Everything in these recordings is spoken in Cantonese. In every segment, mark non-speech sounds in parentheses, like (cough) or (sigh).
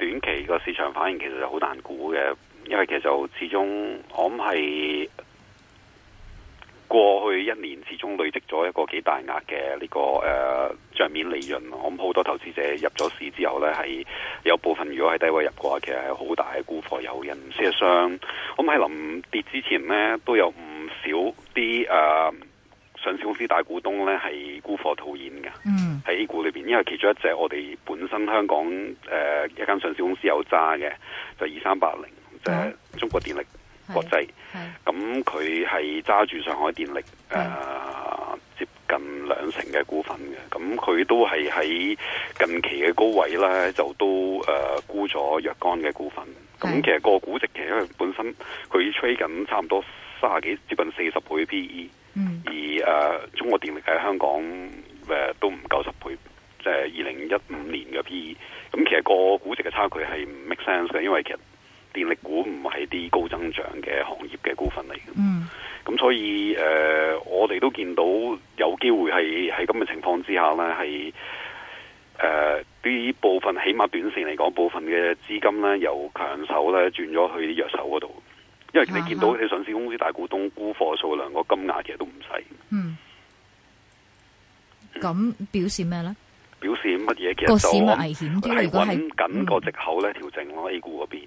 短期個市場反應其實就好難估嘅，因為其實就始終我諗係過去一年始終累積咗一個幾大額嘅呢、呢個誒、呃、帳面利潤，我諗好多投資者入咗市之後呢，係有部分如果係低位入嘅話，其實係好大嘅沽貨誘因。事實上，我諗喺臨跌之前呢，都有唔少啲誒、呃上市公司大股東咧，係沽貨套現噶喺、嗯、股裏邊，因為其中一隻我哋本身香港誒、呃、一間上市公司有揸嘅，就二三八零，即係中國電力國際，咁佢係揸住上海電力誒、呃、接近兩成嘅股份嘅，咁佢都係喺近期嘅高位咧就都誒沽咗若干嘅股份，咁其實個估值其實本身佢吹緊差唔多卅幾接近四十倍 PE。嗯、而誒、呃，中國電力喺香港誒、呃、都唔夠十倍，即係二零一五年嘅 PE。咁其實個估值嘅差距係唔 make sense 嘅，因為其實電力股唔係啲高增長嘅行業嘅股份嚟嘅。咁、嗯嗯、所以誒、呃，我哋都見到有機會係喺咁嘅情況之下咧，係誒啲部分，起碼短線嚟講，部分嘅資金咧由強手咧轉咗去啲弱手嗰度。因為你哋見到啲上市公司大股東沽貨數量個金額其實都唔細。嗯，咁表示咩咧？表示乜嘢？其實個市咪危險啲？如果係咁個藉口咧，調、嗯、整咯 A 股嗰邊。誒、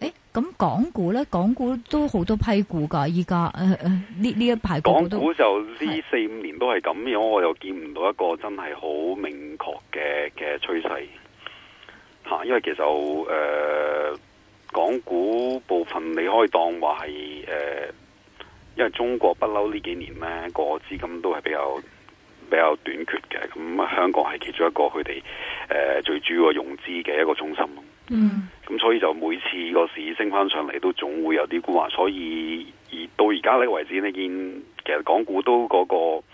欸，咁港股咧？港股都好多批股噶依家、誒誒，呢、呃、呢一排港股港股，就呢四五年都係咁樣，我又見唔到一個真係好明確嘅嘅趨勢。吓、啊，因為其實誒。呃港股部分你可以當話係誒，因為中國不嬲呢幾年咧個資金都係比較比較短缺嘅，咁、嗯、香港係其中一個佢哋誒最主要嘅融資嘅一個中心咯，嗯，咁、嗯、所以就每次個市升翻上嚟都總會有啲沽話，所以而到而家呢為止你見，其實港股都嗰、嗰個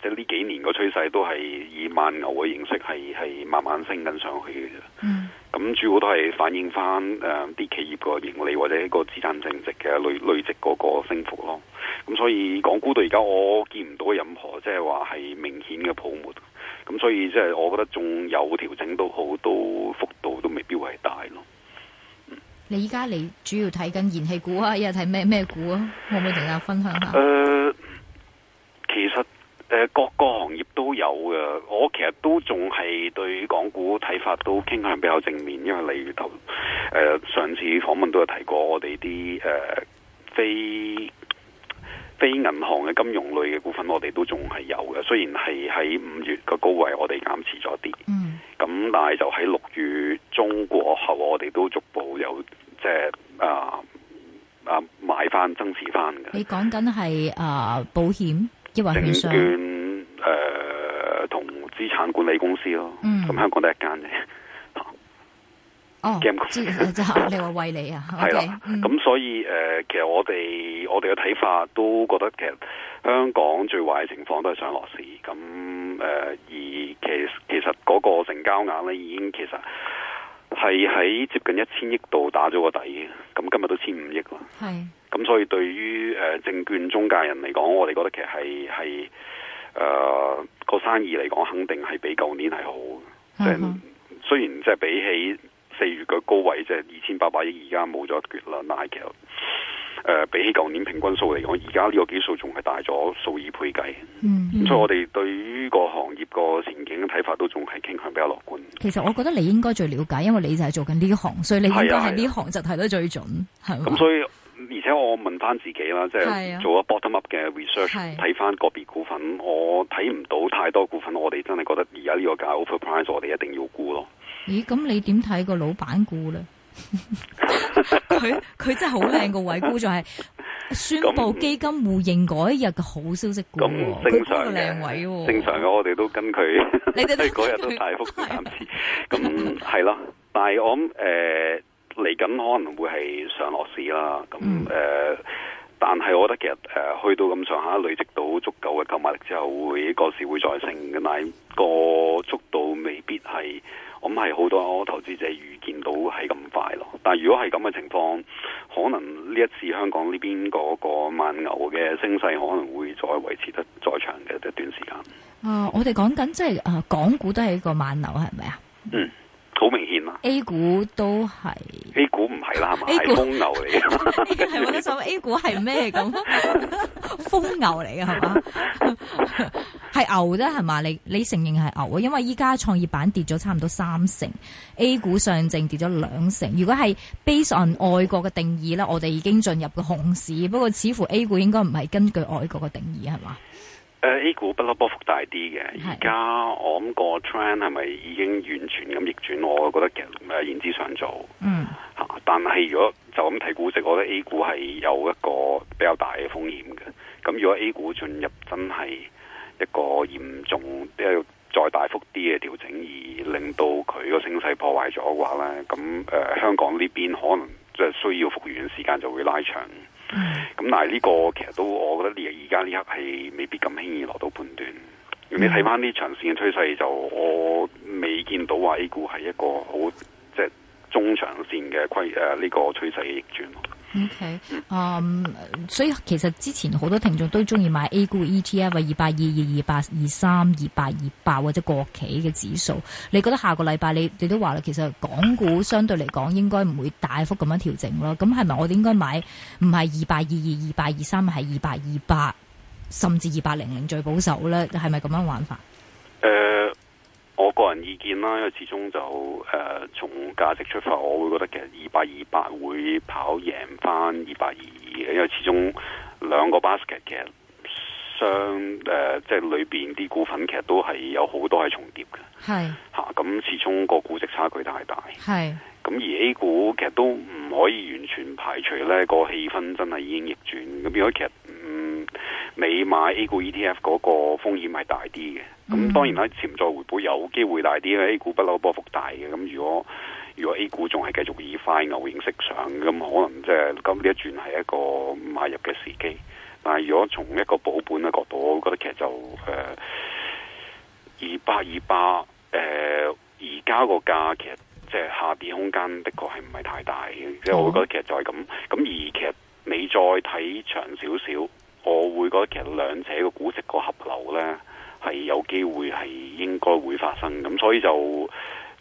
即係呢幾年個趨勢都係以慢牛嘅形式係係慢慢升緊上去嘅。嗯。咁主要都係反映翻誒啲企業個盈利或者個資產淨值嘅累累積嗰個升幅咯。咁、嗯、所以港股到而家我見唔到任何即係話係明顯嘅泡沫。咁、嗯、所以即係我覺得仲有調整都好，多幅度都未必會係大咯。你依家，你主要睇緊燃氣股啊？又睇咩咩股啊？可唔可以同大家分享下？誒、呃，其實。誒，各個行業都有嘅。我其實都仲係對港股睇法都傾向比較正面，因為例如頭誒上次訪問都有提過，我哋啲誒非非銀行嘅金融類嘅股份，我哋都仲係有嘅。雖然係喺五月嘅高位，我哋減持咗啲，嗯，咁但係就喺六月中過後，我哋都逐步有即係啊啊買翻增持翻嘅。你講緊係啊保險？證券誒，同、呃、資產管理公司咯，咁、嗯、香港得一間嘅。哦，Game 公司啊、你話為你啊。係啦、啊、咁、okay, 嗯、所以誒、呃，其實我哋我哋嘅睇法都覺得，其實香港最壞嘅情況都係想落市。咁誒、呃，而其實其實嗰個成交額咧，已經其實。係喺接近一千億度打咗個底嘅，咁今日都千五億啦。係，咁所以對於誒、呃、證券中介人嚟講，我哋覺得其實係係誒個生意嚟講，肯定係比舊年係好嘅。即、嗯、係雖然即係比起四月嘅高位即係二千八百億，而家冇咗一橛啦。Nike。誒，比起舊年平均數嚟講，而家呢個基數仲係大咗數以倍計、嗯。嗯，咁所以我哋對於個行業個前景嘅睇法都仲係傾向比較樂觀。其實我覺得你應該最了解，因為你就係做緊呢行，所以你應該喺呢行就睇得最準，係嘛？咁所以，而且我問翻自己啦，即係做咗 bottom up 嘅 research，睇翻個別股份，我睇唔到太多股份，我哋真係覺得而家呢個價 overpriced，我哋一定要沽咯。咦？咁你點睇個老闆股咧？佢 (laughs) 佢 (laughs) 真係好靚個位，估仲係宣布基金互認嗰一日嘅好消息嘅喎。佢靚位正常嘅，正常嘅我哋都跟佢， (laughs) 你哋嗰日都大幅減資。咁係咯，但係我諗誒嚟緊可能會係上落市啦。咁誒、嗯呃，但係我覺得其實誒、呃、去到咁上下累積到足夠嘅購買力之後，會個市會再升嘅，但係個速度未必係。我唔係好多投資者預見到係咁快咯，但係如果係咁嘅情況，可能呢一次香港呢邊嗰個慢牛嘅升勢可能會再維持得再長嘅一段時間。啊、呃，我哋講緊即係啊，就是、港股都係一個慢牛係咪啊？嗯。好明顯啦、啊，A 股都係，A 股唔係啦，係嘛， (laughs) (laughs) (laughs) (laughs) 係瘋牛嚟嘅，係我哋想 A 股係咩咁？瘋牛嚟嘅係嘛？係牛啫係嘛？你你承認係牛啊？因為依家創業板跌咗差唔多三成，A 股上證跌咗兩成。如果係 based on 外國嘅定義咧，我哋已經進入個熊市。不過似乎 A 股應該唔係根據外國嘅定義係嘛？誒、uh，A 股不嬲波幅大啲嘅，而、mm. 家我諗個 trend 係咪已經完全咁逆轉？我覺得其實唔係，言之想做。嗯，吓，但係如果就咁睇估值，我覺得 A 股係有一個比較大嘅風險嘅。咁如果 A 股進入真係一個嚴重、再大幅啲嘅調整，而令到佢個升勢破壞咗嘅話咧，咁誒、呃，香港呢邊可能即係需要復原時間就會拉長。 (noise) 嗯，咁但係呢個其實都，我覺得而而家呢刻係未必咁輕易落到判斷。嗯、如果你睇翻呢長線嘅趨勢，就我未見到話 A 股係一個好即係中長線嘅規，誒、呃、呢、這個趨勢嘅逆轉。O K，嗯，所以其實之前好多聽眾都中意買 A 股 ETF，或二八二二、二八二三、二八二八或者國企嘅指數。你覺得下個禮拜你你都話啦，其實港股相對嚟講應該唔會大幅咁樣調整咯。咁係咪我哋應該買唔係二八二二、二八二三，係二八二八，甚至二八零零最保守呢？係咪咁樣玩法？Uh... 意見啦，因為始終就誒，從、呃、價值出發，我會覺得其實二八二八會跑贏翻二八二二嘅，因為始終兩個 basket 其實相誒，即、呃、係、就是、裏邊啲股份其實都係有好多係重疊嘅。係吓，咁、啊、始終個估值差距太大，大。係咁而 A 股其實都唔可以完全排除咧，個氣氛真係已經逆轉。咁如果其實。你買 A 股 ETF 嗰個風險係大啲嘅，咁、嗯、當然啦，潛在回報有機會大啲咧、嗯。A 股不嬲波幅大嘅，咁如果如果 A 股仲係繼續以快牛形式上，咁可能即係今呢一轉係一個買入嘅時機。但係如果從一個保本嘅角度，我覺得其實就誒二八二八誒而家個價其實即係下跌空間的確係唔係太大嘅，即、哦、係我覺得其實就係咁，咁而其實你再睇長少少。我會覺得其實兩者個估值個合流咧係有機會係應該會發生咁，所以就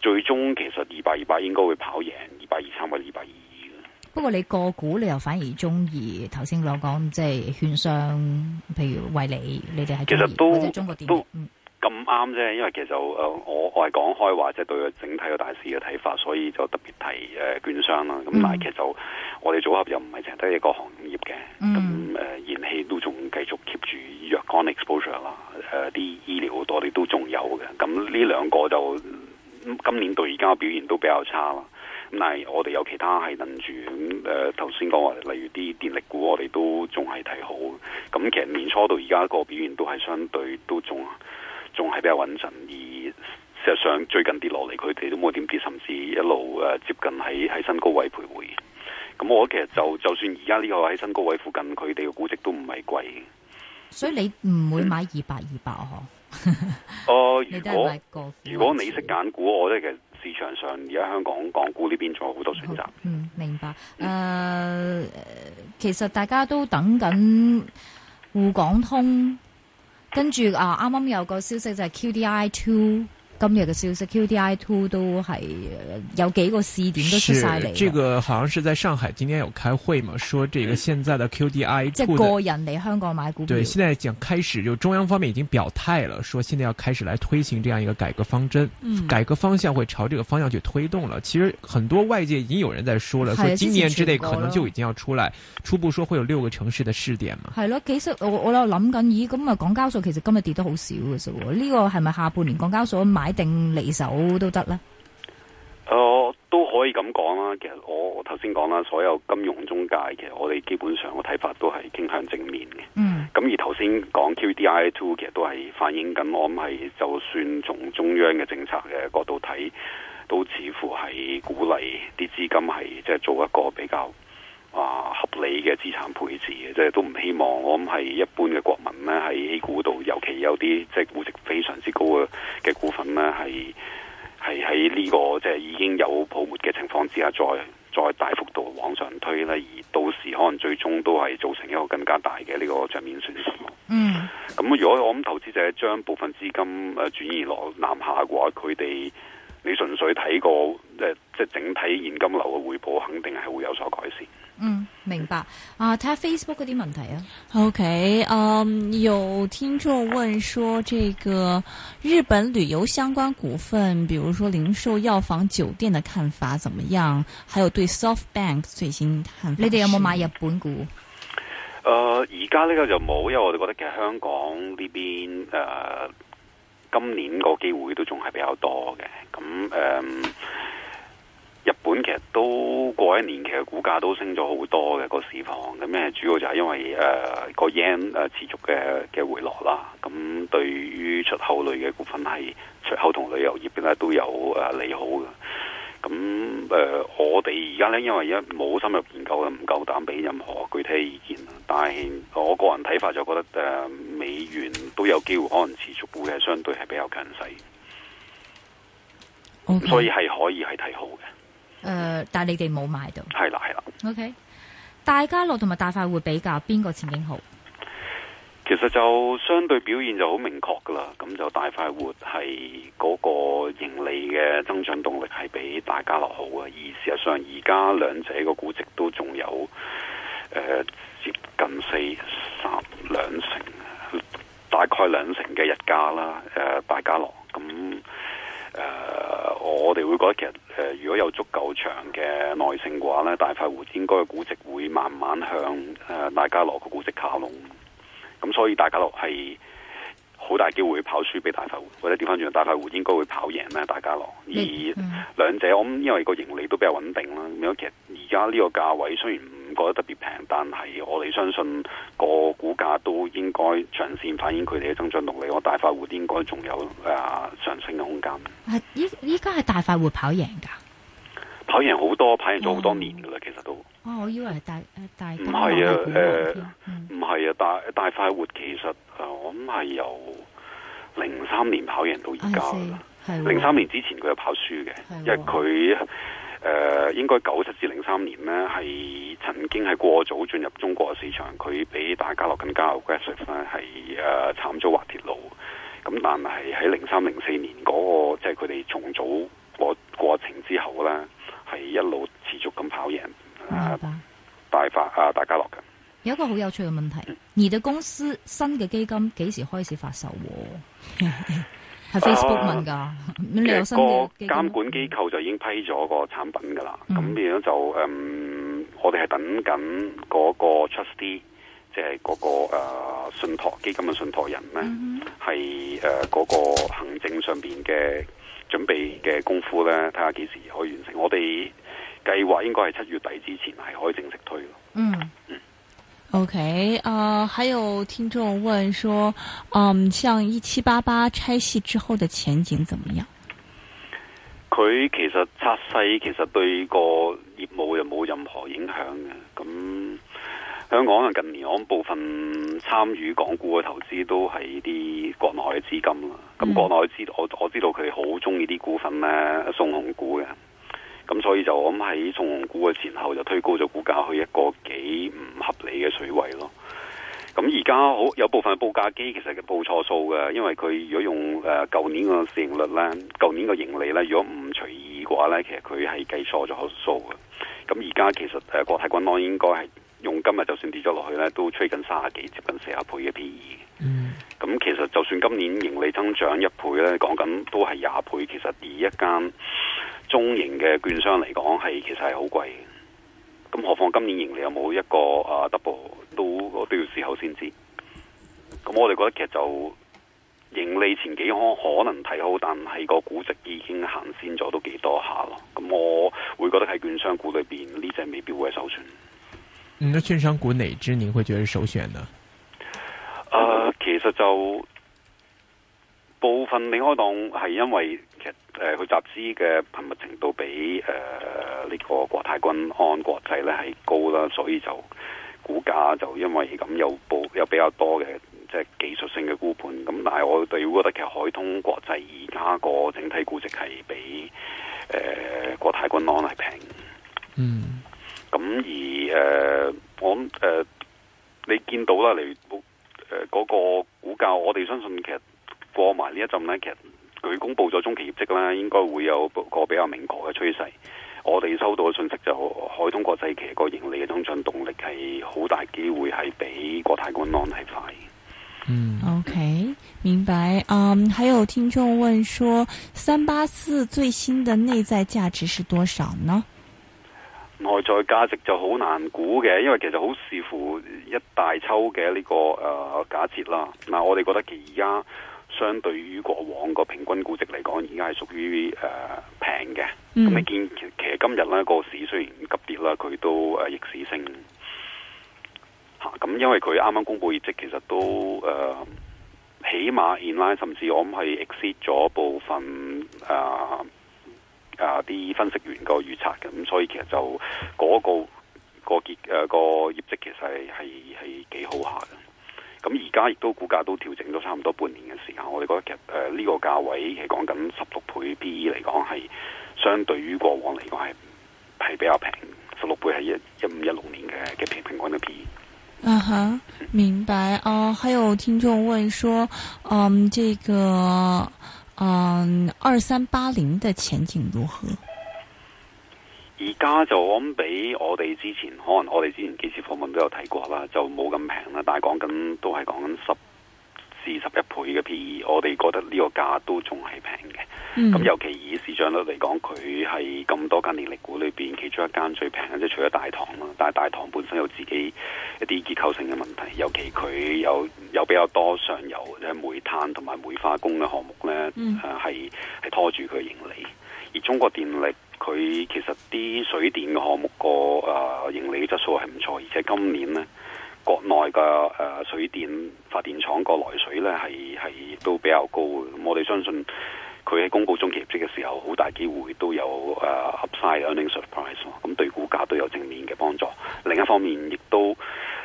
最終其實二百二百應該會跑贏二百二三或者二百二二嘅。不過你個股你又反而中意頭先我講即係券商，譬如偉利，你哋係中意或者中國電，都咁啱啫，因為其實就、呃、我我係講開話，即、就、係、是、對整體個大市嘅睇法，所以就特別提誒券、呃、商啦。咁、嗯、但係其實就我哋組合又唔係淨係得一個行業嘅，咁、嗯、誒、呃、燃氣都仲繼續 keep 住若干 exposure 啦。誒、呃、啲醫療好多，我哋都仲有嘅。咁呢兩個就今年到而家嘅表現都比較差啦。咁但係我哋有其他係跟住咁誒頭先講話，例如啲電力股我，我哋都仲係睇好。咁其實年初到而家個表現都係相對都仲仲係比較穩陣，而事實上最近跌落嚟，佢哋都冇點跌，甚至一路誒、啊、接近喺喺新高位徘徊。咁我其實就就算而家呢個喺新高位附近，佢哋嘅估值都唔係貴。所以你唔會買二百二百啊？哦，如果如果你識揀股，我覺得其實市場上而家香港港股呢邊仲有好多選擇。嗯，明白。誒、嗯，uh, 其實大家都在等緊滬港通。跟住啊，啱啱有個消息就係 QDI Two。今日嘅消息，QDII Two 都係有幾個試點都出晒嚟。是，這個好像是在上海今天有開會嘛，說這個現在的 QDII、嗯、即係個人嚟香港買股票。對，現在講開始就中央方面已經表態了，說現在要開始來推行這樣一個改革方針，嗯，改革方向會朝這個方向去推動了。其實很多外界已經有人在說了，說、嗯、今年之內可能就已經要出來、嗯，初步說會有六個城市的試點嘛。係咯，其實我我喺度諗緊，咦咁啊，港交所其實今日跌得好少嘅啫，呢個係咪下半年港交所買。一定離手都得啦，我、呃、都可以咁講啦。其實我頭先講啦，所有金融中介，其實我哋基本上，嘅睇法都係傾向正面嘅。嗯。咁而頭先講 QDII Two，其實都係反映緊，我諗係就算從中央嘅政策嘅角度睇，都似乎係鼓勵啲資金係即係做一個比較。啊，合理嘅資產配置嘅，即係都唔希望，我諗係一般嘅國民咧，喺股度，尤其有啲即係估值非常之高嘅嘅股份咧，係係喺呢個即係、就是、已經有泡沫嘅情況之下再，再再大幅度往上推咧，而到時可能最終都係造成一個更加大嘅呢個賬面損失。嗯，咁如果我諗投資者將部分資金誒轉移落南下嘅話，佢哋。你純粹睇個即係即係整體現金流嘅回報，肯定係會有所改善。嗯，明白。啊，睇下 Facebook 啲問題啊。OK，嗯，有聽眾問說，說，這個日本旅遊相關股份，比如說零售、藥房、酒店的看法怎麼樣？還有對 SoftBank 最新看法，你哋有冇買日本股？誒、嗯，而家呢個就冇，因為我哋覺得其實香港呢邊誒，今年個機會都仲係比較多。誒、嗯，日本其實都過一年，其實股價都升咗好多嘅個市況。咁、嗯、咧，主要就係因為誒個 yen 持續嘅嘅回落啦。咁對於出口類嘅股份係出口同旅遊業咧都有誒利、啊、好嘅。咁誒、呃，我哋而家咧因為而家冇深入研究啊，唔夠膽俾任何具體意見。但係我個人睇法就覺得誒、呃、美元都有機會可能持續會係，相對係比較強勢。Okay. 所以係可以係睇好嘅。誒、呃，但係你哋冇買到。係啦，係啦。O、okay. K，大家樂同埋大快活比較，邊個前景好？其實就相對表現就好明確噶啦。咁就大快活係嗰個，個盈利嘅增長動力係比大家樂好嘅。而事實上，而家兩者個估值都仲有誒、呃、接近四十兩成，大概兩成嘅溢價啦。誒、呃，大家樂咁。我哋會覺得其實，誒、呃、如果有足夠長嘅耐性嘅話咧，大快活應該嘅估值會慢慢向誒、呃、大家樂嘅估值靠攏，咁、嗯、所以大家樂係好大機會跑輸俾大快活，或者調翻轉，大快活應該會跑贏咧大家樂。而兩、嗯嗯、者，我諗因為個盈利都比較穩定啦，咁、嗯、其實而家呢個價位雖然覺得特別平，但係我哋相信個股價都應該長線反映佢哋嘅增長動力。我大快活應該仲有誒、呃、上升嘅空間。係依依家係大快活跑贏噶，跑贏好多，跑贏咗好多年噶啦、嗯。其實都哦，我以為是大誒大唔係啊，誒唔係啊，大大快活其實啊、呃，我諗係由零三年跑贏到而家噶啦，係零三年之前佢有跑輸嘅，因為佢。誒、呃，應該九七至零三年呢，係曾經係過早進入中國嘅市場，佢比大家樂更加 aggressive 呢係誒慘遭滑鐵盧。咁但係喺零三零四年嗰、那個即係佢哋重組過過程之後呢，係一路持續咁跑贏、呃、大發啊、呃，大家樂嘅。有一個好有趣嘅問題，你哋公司新嘅基金幾時開始發售？ (laughs) 係 Facebook 問噶，咁、啊、其實呢個監管機構就已經批咗個產品噶啦，咁變咗就誒、嗯，我哋係等緊嗰個 trustee，即係嗰個、啊、信託基金嘅信託人咧，係誒嗰個行政上邊嘅準備嘅功夫咧，睇下幾時可以完成。我哋計劃應該係七月底之前係可以正式推咯。嗯。嗯 OK，啊、呃，還有聽眾問說，嗯，像一七八八拆細之後的前景怎麼樣？佢其實拆細其實對個業務又冇任何影響嘅。咁香港啊近年，我部分參與港股嘅投資都係啲國內嘅資金啦。咁國內知道我我知道佢好鍾意啲股份咧，送、嗯、我。咁所以就我諗喺重估嘅前後就推高咗股價去一個幾唔合理嘅水位咯。咁而家好有部分報價機其實佢報錯數嘅，因為佢如果用誒舊、呃、年嘅市盈率咧、舊年嘅盈利咧，如果唔除二嘅話咧，其實佢係計錯咗數嘅。咁而家其實誒、呃、國泰君安應該係用今日就算跌咗落去咧，都吹緊卅幾、接近四十倍嘅 P/E。咁、嗯、其實就算今年盈利增長一倍咧，講緊都係廿倍，其實跌一間。中型嘅券商嚟講，係其實係好貴。咁何況今年盈利有冇一個啊 double，都我都要事後先知道。咁我哋覺得其實就盈利前幾行可能睇好，但係個估值，已經行先咗都幾多下咯。咁我會覺得喺券商股裏邊，呢隻未必會係首選。咁，你券商股哪隻你會覺得首選呢？誒、嗯呃，其實就部分你開檔係因為。誒，佢集資嘅頻密程度比誒呢、呃這個國泰君安國際咧係高啦，所以就股價就因為咁有部有比較多嘅即係技術性嘅沽盤。咁但係我哋會覺得其實海通國際而家個整體估值係比誒、呃、國泰君安係平，嗯，咁而誒、呃、我誒、呃、你見到啦，你誒嗰、呃那個股價，我哋相信其實過埋呢一陣咧，其實。佢公布咗中期業績啦，應該會有個比較明確嘅趨勢。我哋收到嘅信息就是，海通國際其實個盈利嘅增長動力係好大，機會係比國泰君安係快。嗯，OK，明白。嗯、um,，還有聽眾問說，三八四最新的內在價值是多少呢？內在價值就好難估嘅，因為其實好視乎一大抽嘅呢個誒假設啦。嗱，我哋覺得其而家。相對於過往個平均估值嚟講，而家係屬於誒平嘅。咁、呃嗯、你見其實今日咧、個市雖然急跌啦，佢都誒逆市升。嚇、啊、咁，因為佢啱啱公布業績，其實都誒、呃、起碼 in line 甚至我諗係 exceed 咗部分、呃、啊啊啲分析員個預測嘅。咁所以其實就嗰、個、個結誒、個業績其實係係係幾好下嘅。咁而家亦都股價都調整咗差唔多半年嘅時間，我哋覺得其實誒呢個價位係講緊十六倍 PE 嚟講，係相對於過往嚟講係係比較 5, 平，十六倍係一一五一六年嘅嘅平平均嘅 PE 啊哈，明白。啊、uh，還有聽眾問說，嗯，這個嗯二三八零的前景如何？而家就比我哋之前，可能我哋之前幾次訪問都有提過啦，就冇咁平啦。但係講緊都係講緊十至十一倍嘅 P/E，我哋覺得呢個價都仲係平嘅。咁、mm. 尤其以市賬率嚟講，佢係咁多間電力股裏邊其中一間最平嘅，即、就、係、是、除咗大唐啦。但係大唐本身有自己一啲結構性嘅問題，尤其佢有有比較多上游即係煤炭同埋煤化工嘅項目呢，係、mm. 係、啊、拖住佢盈利。而中國電力。佢其實啲水電嘅項目個誒、呃、盈利質素係唔錯，而且今年咧國內嘅誒、呃、水電發電廠個來水咧係係都比較高。我哋相信佢喺公告中期業績嘅時候，好大機會都有誒、呃、upside earning surprise，咁對股價都有正面嘅幫助。另一方面也，亦都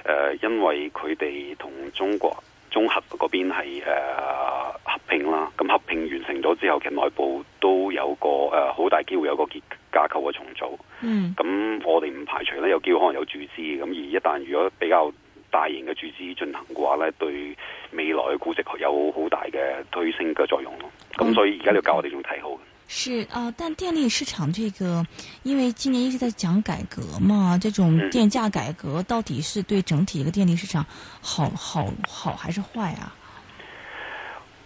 誒因為佢哋同中國中核嗰邊係誒。呃合併啦，咁合併完成咗之後，其實內部都有個誒好、呃、大機會有個結架構嘅重組。嗯，咁我哋唔排除咧有機會可能有注資，咁而一旦如果比較大型嘅注資進行嘅話咧，對未來嘅估值有好大嘅推升嘅作用咯。咁、嗯、所以而家要教我哋種睇好嘅。是啊、呃，但電力市場這個，因為今年一直在講改革嘛，這種電價改革到底是對整體一個電力市場好好好，好還是壞啊？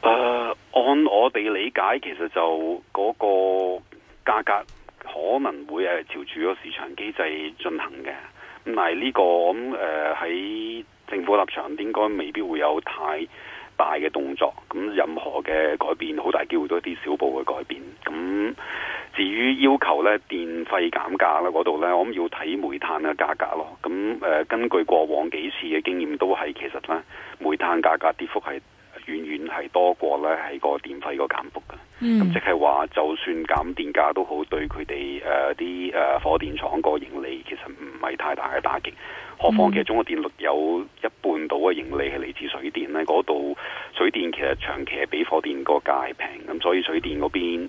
誒、uh，按我哋理解，其實就嗰個價格可能會誒朝住個市場機制進行嘅。咁但係呢、這個咁誒喺政府立場，應該未必會有太大嘅動作。咁任何嘅改變，好大機會都係一啲小步嘅改變。咁至於要求咧，電費減價咧嗰度咧，我諗要睇煤炭嘅價格咯。咁誒，根據過往幾次嘅經驗，都係其實咧煤炭價格跌幅係。遠遠係多過咧，喺個電費個減幅嘅。咁、嗯、即係話，就算減電價都好，對佢哋誒啲火電廠個盈利其實唔係太大嘅打擊。何況其實中國電力有一半到嘅盈利係嚟自水電咧，嗰、嗯、度水電其實長期係比火電個價平，咁所以水電嗰邊。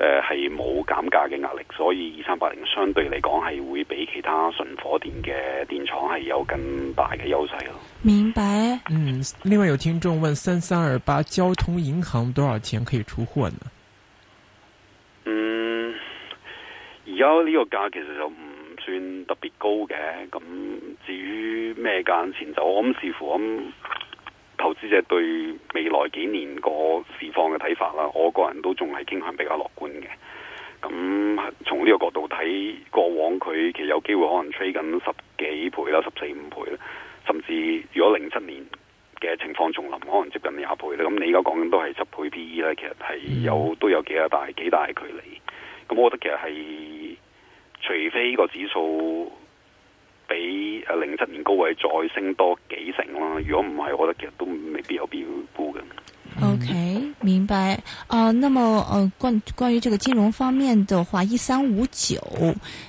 誒、呃，係冇減價嘅壓力，所以二三八零相對嚟講係會比其他純火電嘅電廠係有更大嘅優勢咯。明白。嗯，另外有聽眾問三三二八，交通銀行多少錢可以出貨呢？嗯，而家呢個價其實就唔算特別高嘅，咁至於咩價錢就我諗似乎咁。嗯即係對未來幾年個市況嘅睇法啦，我個人都仲係傾向比較樂觀嘅。咁從呢個角度睇，過往佢其實有機會可能吹緊十幾倍啦，十四五倍啦，甚至如果零七年嘅情況重臨，可能接近廿倍啦。咁你而家講緊都係十倍 P E 咧，其實係有都有幾大幾大距離。咁我覺得其實係，除非個指數。比零七年高位再升多幾成啦。如果唔係，我覺得其實都未必有必要沽嘅。OK，明白。啊、呃，那麼啊、呃、關關於這個金融方面的話，一三五九，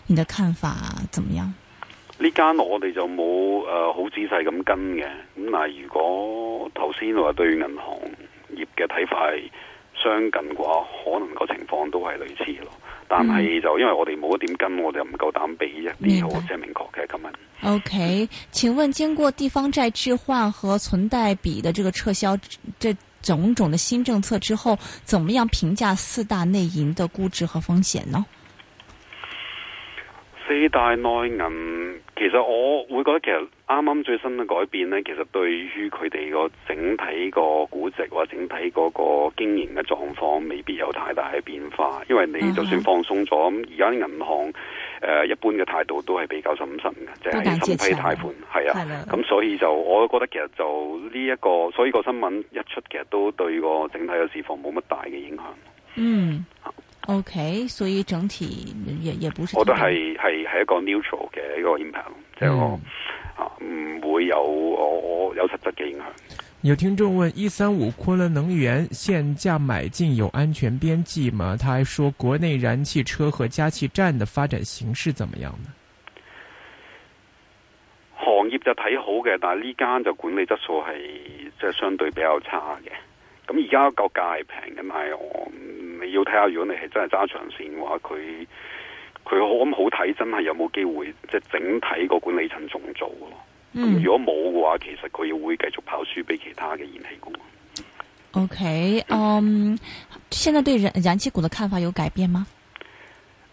你的看法怎麼樣？呢間我哋就冇誒好仔細咁跟嘅。咁嗱，如果頭先話對銀行業嘅睇法係相近嘅話，可能個情況都係類似咯。但係就因為我哋冇一點跟，我就唔夠膽俾一啲。呢個我真係明確嘅咁樣。OK，請問經過地方債置換和存貸比的這個撤銷，這種種的新政策之後，怎麼樣評價四大內銀的估值和風險呢？四大內銀其實我會覺得其實啱啱最新嘅改變咧，其實對於佢哋個整體個估值或整體嗰個經營嘅狀況，未必有太大嘅變化。因為你就算放鬆咗，而家啲銀行誒、呃、一般嘅態度都係比較審慎嘅，即係審批貸款係啊係啦。咁所以就我覺得其實就呢、這、一個，所以個新聞一出，其實都對個整體嘅市況冇乜大嘅影響。嗯。O、okay, K，所以整體也也不是，我都係係係一個 neutral 嘅一個 impact，即係我啊唔會有我，我有實質嘅影響。有聽眾問：一三五昆侖能源現價買進有安全邊際嗎？他還說國內燃氣車和加氣站的發展形勢怎麼樣呢？行業就睇好嘅，但係呢間就管理質素係即係相對比較差嘅。咁而家個價係平嘅嘛，我，嗯。你要睇下，如果你係真係揸長線嘅話，佢佢可咁好睇，真係有冇機會？即係整體個管理層重做咯。如果冇嘅話，其實佢會繼續跑輸俾其他嘅燃氣股。O、okay, K，、um, 嗯，現在對燃氣股嘅看法有改變嗎？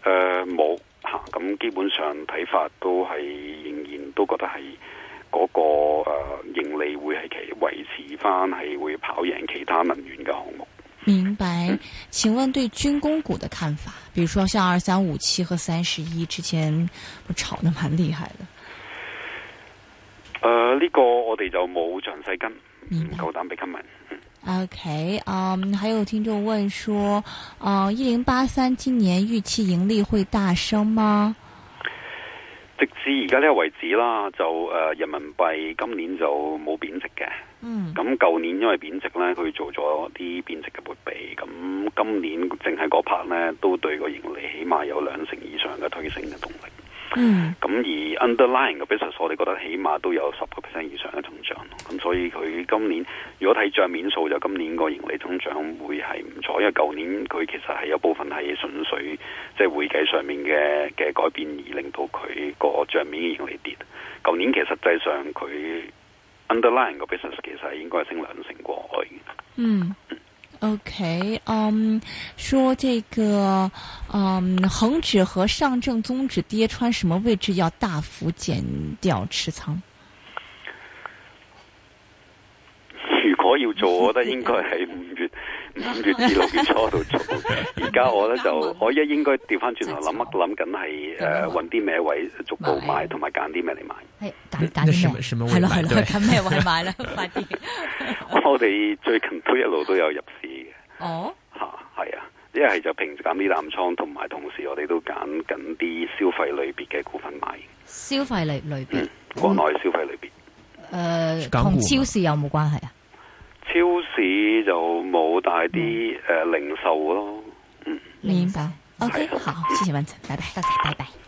誒、呃，冇吓，咁、啊、基本上睇法都係仍然都覺得係嗰、那個誒、呃、盈利會係維持翻，係會跑贏其他能源嘅項目。.明白，請問對軍工股的看法？比如說像二三五七和三十一之前，不吵得蠻厲害的。呃，呢個我哋就冇詳細跟，唔夠膽俾 comment。OK，嗯、um, 還有聽眾問說，啊，一零八三今年預期盈利會大升嗎？直至而家呢個位置啦，就誒人民幣今年就冇貶值嘅，咁、嗯、舊年因為貶值咧，佢做咗啲貶值嘅撥備，咁今年淨係嗰拍呢，咧，都對個盈利起碼有兩成以上嘅推升嘅動力。嗯，咁而 underlying 嘅 business，我哋覺得起碼都有十個 percent 以上嘅增長。咁所以佢今年如果睇賬面數，就今年個盈利增長會係唔錯，因為舊年佢其實係有部分係純粹即係會計上面嘅嘅改變而令到佢個賬面嘅盈利跌，舊年其實，實際上佢 underlying 嘅 business 其實係應該升兩成過去，嗯。OK，嗯，um，說這個，嗯，恒指和上證綜指跌穿什麼位置要大幅減掉持倉？如果要做，我覺得應該係五月。五月至六月初度做，而家我咧就我一應該調翻轉頭諗一諗緊係誒，搵啲咩位逐步買，同埋揀啲咩嚟買。係揀揀啲咩？係咯係咯，揀咩位買咧？快 (laughs) 啲發言！ (laughs) 我哋最近都一路都有入市嘅。哦，吓係啊，一係就平時減啲藍倉，同埋同時我哋都揀緊啲消費類別嘅股份買。消費類類別、嗯，國內消費類別。誒、嗯，同、呃、超市有冇關係啊？超市就冇大啲，誒、嗯呃，零售咯。零嗯，明、okay, 白、嗯。OK，好，謝謝溫總，拜拜，多 (laughs) 謝，拜拜。 (laughs)